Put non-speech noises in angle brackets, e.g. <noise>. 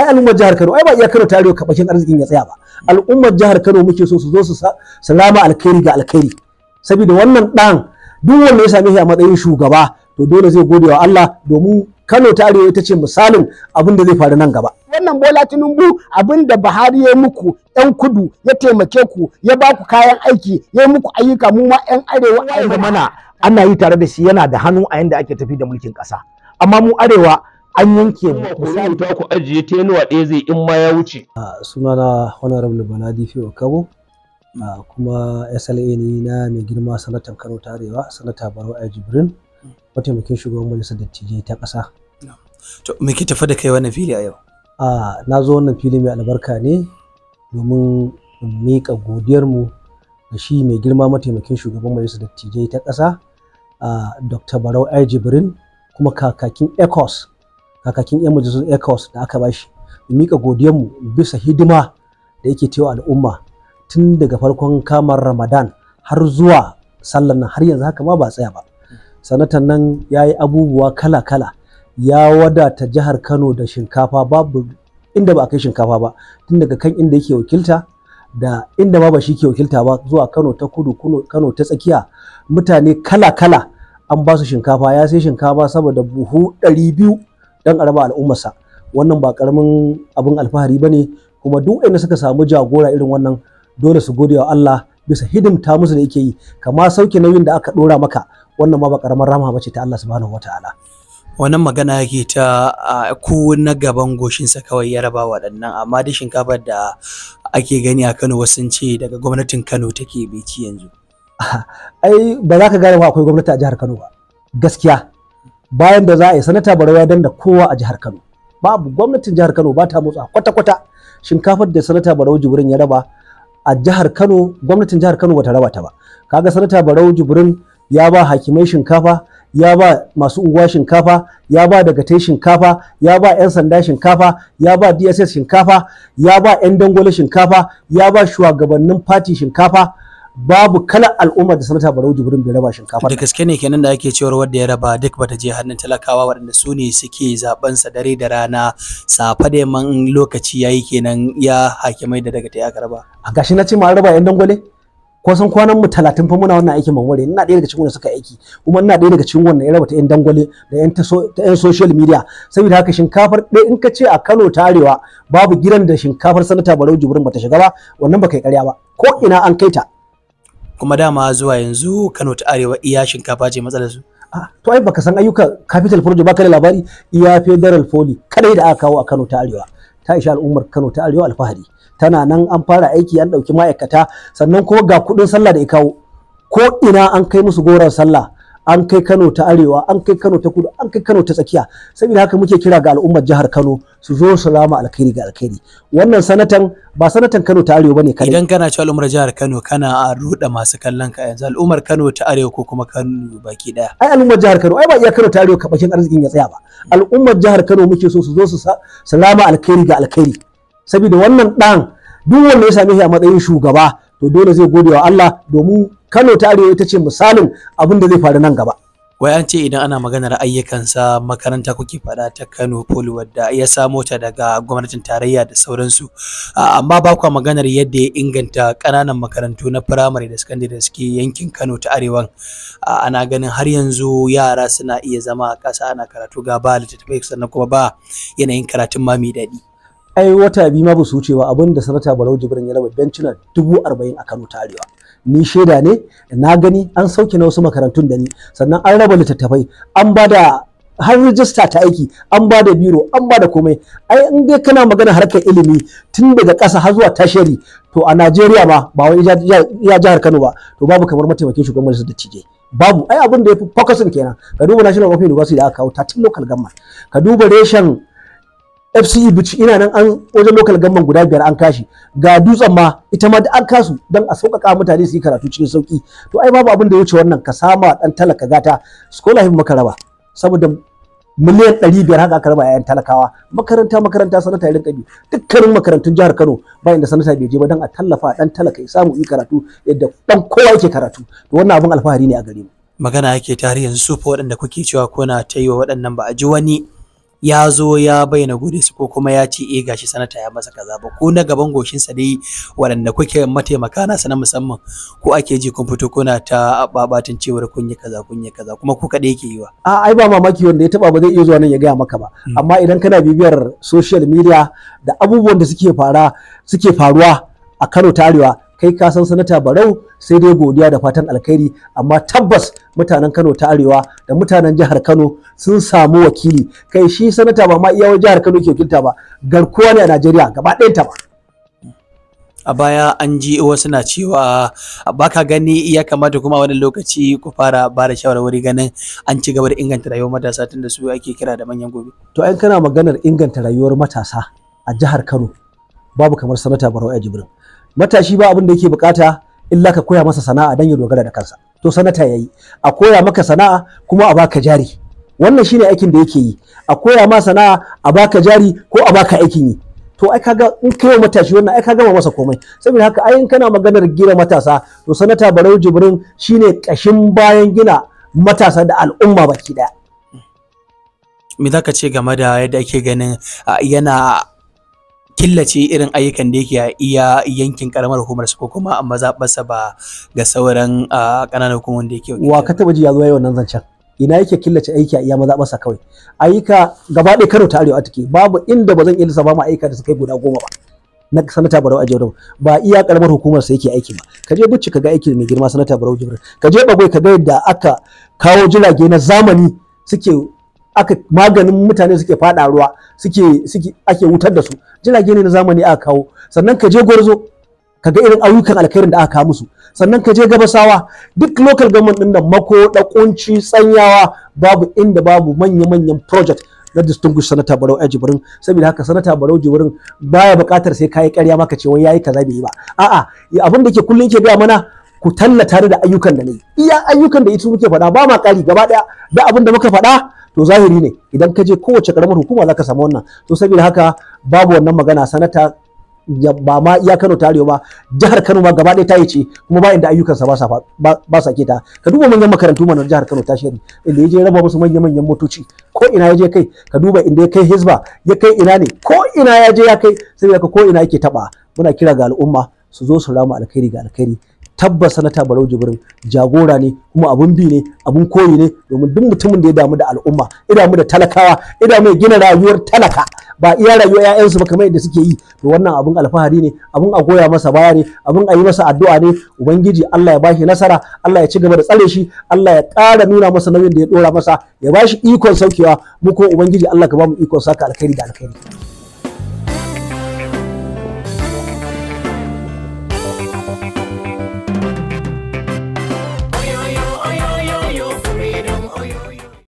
ai al'ummar jihar Kano ai ba iya Kano tarewa ka bakin arzikin ya tsaya ba al'ummar jihar Kano muke so su zo su salama alkhairi ga alkhairi saboda wannan dan duk wanda ya same shi a matsayin shugaba to dole zai gode wa Allah domin Kano ta arewa ita ce misalin abin da zai faru nan gaba. Wannan Bola Tinubu abin da Buhari ya muku ‘yan kudu ya taimake ku ya ba ku kayan aiki ya muku ayyuka mu ma ‘yan arewa. Ai mana ana yi tare da shi yana da hannu a yanda ake tafi da mulkin ƙasa. Amma mu arewa an yanke mu misali ta ku ajiye ta tenuwa ɗaya zai in ma ya wuce na honorable banadi fiwa a kuma SLA ne na mai girma sanatar Kano tarewa sanata Barau a Jibrin mataimakin shugaban majalisar dattijai ta ƙasa to me ke tafi da kai wannan fili a yau na zo wannan fili mai albarka ne domin in miƙa godiyarmu da shi mai girma mataimakin shugaban majalisar dattijai ta ƙasa dr barau ai jibrin kuma kakakin ecos kakakin yan majalisar ecos da aka bashi mu mika mu bisa hidima da yake tewa al'umma tun daga farkon kamar ramadan har zuwa sallar nan har yanzu haka ma ba tsaya ba sanatan nan ya yi abubuwa kala-kala ya wadata jihar kano da shinkafa babu inda ba a kai shinkafa ba tun daga kan inda yake wakilta da inda ma ba shi ke wakilta ba zuwa kano ta kudu kano ta tsakiya mutane kala-kala an ba su shinkafa ya sai shinkafa saboda buhu ɗari biyu Dan a raba al'ummarsa wannan ba karamin abin alfahari ba ne kuma duk inda suka samu jagora irin wannan dole su gode wa Allah bisa hidimta musu da yake yi kama sauke nauyin da aka dora maka wannan ma ba karamar rahama bace ta Allah subhanahu wataala wannan magana yake ta ku na gaban goshinsa kawai ya raba waɗannan amma da shinkafar da ake gani a Kano wasu ce daga gwamnatin Kano take bici yanzu <laughs> ai ba za ka gane ba akwai gwamnati a jihar Kano ba gaskiya bayan da za a yi sanata barau ya danda kowa a jihar Kano babu gwamnatin jihar Kano ba ta motsa kwata kwata shinkafar da sanata barau jibrin ya raba a jihar Kano gwamnatin jihar Kano bata raba ta ba kaga sanata barau jibrin ya ba hakimai shinkafa ya ba masu unguwa shinkafa ya ba daga tai shinkafa ya ba 'yan sanda shinkafa ya ba dss shinkafa ya ba 'yan dangole shinkafa ya ba shugabannin fati shinkafa babu kala al'umma da sanata barau jibrin bai raba shinkafa da gaske ne kenan da ake cewa wanda ya raba duk bata je hannun talakawa waɗanda su ne suke zaben sa dare da rana safa da yamman lokaci yayi kenan ya hakimai da daga ta ya raba a gashi na ce ma raba yan dangwale ko san kwanan mu 30 fa muna wannan aikin mamware ina ɗaya daga cikin wanda suka aiki kuma ina ɗaya daga cikin wanda ya raba ta yan dangwale da yan ta yan social media saboda haka shinkafar ɗaya in ka ce a Kano tarewa babu gidan da shinkafar sanata barau jibrin bata shiga ba wannan baka yi ƙarya ba ko ina an kaita kuma dama zuwa yanzu Kano ta Arewa iya shinkafa ce matsalar su to ai baka san ayyukan capital project baka da labari iya federal poly kadai da aka kawo a Kano ta Arewa ta isha al'ummar Kano ta Arewa alfahari tana nan an fara aiki an dauki ma'aikata sannan kuma ga kudin sallah da ya kawo ko ina an kai musu goron sallah an kai Kano ta arewa an kai Kano ta kudu an kai Kano ta tsakiya saboda haka muke kira ga al'ummar jihar Kano su zo su rama alkhairi ga alkhairi wannan sanatan ba sanatan Kano ta arewa bane kai idan kana cewa al'ummar jihar Kano kana a ruda masu kallon ka yanzu al'ummar Kano ta arewa ko kuma Kano baki daya ai al'ummar jihar Kano ai ba iya Kano ta arewa ka bakin arzikin ya tsaya ba al'ummar jihar Kano muke so su zo su rama alkhairi ga alkhairi saboda wannan dan duk wanda ya same shi a matsayin shugaba to dole zai gode wa Allah domin Kano ta Arewa ita ce misalin abin da zai faru nan gaba. Wai an ce idan ana maganar ayyukansa makaranta kuke faɗa ta Kano Poli wadda ya samo ta daga gwamnatin tarayya da sauransu. Amma ba kwa maganar yadda ya inganta ƙananan makarantu na firamare da sakandare da suke yankin Kano ta Arewan. Ana ganin har yanzu yara suna iya zama a ƙasa ana karatu ga ba littattafai sannan kuma ba yanayin karatun ma mai daɗi. ai wata biyu ma ba su wuce ba sanata barau jibrin ya raba bencina dubu arba'in a kano ta arewa ni shaida ne na gani an sauke na wasu makarantun da ni sannan an raba littattafai an ba da har rijista ta aiki an ba da biro an ba da komai ai in dai kana magana harkar ilimi tun daga kasa. har zuwa tashari to a najeriya ma ba wai iya jihar kano ba to babu kamar mataimakin shugaban majalisar dattijai babu ai abin da ya fi focusin kenan ka duba national open university da aka kawo ta tun local government ka duba reshen FCE Bichi ina nan an wajen local gamman guda biyar an kashi ga dutsen ma ita ma an kasu dan a sauƙaƙa mutane su yi karatu cikin sauƙi to ai babu abin da ya wuce wannan ka sama dan talaka gata scholarship maka raba saboda miliyan ɗari biyar haka aka raba yayan talakawa makaranta makaranta sanata irin kabi dukkanin makarantun jihar Kano bayan da sanata bai je ba don a tallafa dan talaka ya samu yi karatu yadda dan kowa yake karatu to wannan abin alfahari ne a gare mu magana yake tarihin fa waɗanda kuke cewa kuna ta yi wa waɗannan ba a ji wani ya zo ya bayyana su ko kuma ya ce eh gashi sanata ya masa kaza ba ko na gaban goshinsa dai waɗanda kuke mataimaka na sana musamman ko ake ji kun fito kuna ta babatin cewar kun yi kaza kun yi kaza kuma ku kaɗai yake yi wa. a ai ba mamaki wanda ya taba ba zai iya zuwa nan ya gaya maka ba hmm. amma idan kana bibiyar social media da abubuwan da suke fara suke faruwa a Kano ta arewa. kai ka san sanata barau sai dai godiya da fatan alkhairi amma tabbas mutanen kano ta arewa da mutanen jihar kano sun samu wakili kai shi sanata ba ma iya jihar kano ke wakilta ba garkuwa ne a najeriya gaba ɗayan ta ba a baya an ji wasu na cewa baka gani ya kamata kuma wani lokaci ku fara ba da shawarwari ganin an ci gaba da inganta rayuwar matasa tunda su ake kira da manyan gobe to ai kana maganar inganta rayuwar matasa a jihar Kano babu kamar sanata Barau a Jibrin matashi ba abin da yake bukata illa ka koya masa sana'a dan ya dogara da kansa to sanata yayi a koya maka sana'a kuma a baka jari wannan shine aikin da yake yi a koya ma sana'a a baka jari ko a baka aikin yi to ai kaga in kai matashi wannan ai kaga ba masa komai saboda haka ai in kana maganar gina matasa to sanata Barau Jibrin shine kashin bayan gina matasa da al'umma baki daya me zaka ce game da yadda ake ganin yana killace irin ayyukan da yake a iya yankin karamar hukumar su ko kuma a mazaɓarsa ba ga sauran ƙananan hukumar da yake wa ka taba ji ya zo yayin wannan zancen ina yake killace aiki a iya mazaɓarsa kawai ayyuka gaba ɗaya karo ta arewa take babu inda ba zan iya lissafa ma ayyuka da suka guda goma ba na sanata barau a jibril ba iya karamar hukumar sa yake aiki ba ka je bucci ka ga aiki mai girma sanata barau jibril ka je bagwai ka ga yadda aka kawo jirage na zamani suke aka maganin mutane suke fada ruwa suke ake wutar da su jirage ne na zamani aka kawo sannan ka je gwarzo ka ga irin ayyukan alkhairin da aka kawo musu sannan ka je gabasawa duk local government din da mako da kunci tsanyawa babu inda babu manya-manyan project na Distinguish sanata barau jibirin saboda haka sanata barau jibirin baya buƙatar sai kayi karya maka ce wai yayi kaza bai yi ba a'a abin da ke kullun ke gaya mana ku tallata da ayyukan da nayi iya ayyukan da ita muke faɗa ba ma ƙari gaba ɗaya da abin da muka faɗa to zahiri ne idan ka je kowace karamar hukuma za ka samu wannan to saboda haka babu wannan magana sanata ba ma iya Kano ta arewa ba jihar Kano ma gaba ɗaya ta yi ce kuma ba inda ayyukansa ba sa ba keta ka duba manyan makarantu mana jihar Kano ta shiri inda yaje raba musu manyan manyan motoci ko ina ya je kai ka duba inda ya kai Hizba ya kai ina ne ko ina ya je ya kai saboda ko ina yake taba muna kira ga al'umma su zo su rama alkhairi ga alkhairi tabbas sanata barau jibrin jagora ne kuma abun bi ne abun koyi ne domin duk mutumin da ya damu da al'umma ya damu da talakawa ya damu ya gina rayuwar talaka ba iya rayuwar ƴaƴansu ba kamar yadda suke yi to wannan abun alfahari ne abun a goya masa baya ne abun a yi masa addu'a ne ubangiji Allah ya bashi nasara Allah ya ci gaba da tsare shi Allah ya kara nuna masa nauyin da ya dora masa ya bashi ikon saukewa mu ko ubangiji Allah ka ba mu ikon saka alkhairi da alkhairi